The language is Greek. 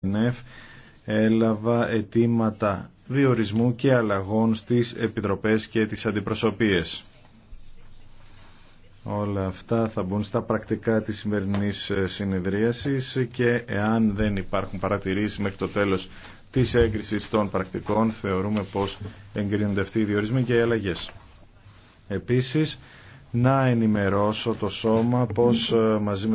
ΕΝΕΦ έλαβα αιτήματα διορισμού και αλλαγών στις επιτροπές και τις αντιπροσωπείες. Όλα αυτά θα μπουν στα πρακτικά της σημερινής ε, συνεδρίασης και εάν δεν υπάρχουν παρατηρήσεις μέχρι το τέλος της έγκρισης των πρακτικών θεωρούμε πως εγκρίνονται αυτοί οι διορισμοί και οι αλλαγές. Επίσης, να ενημερώσω το σώμα πως ε, μαζί με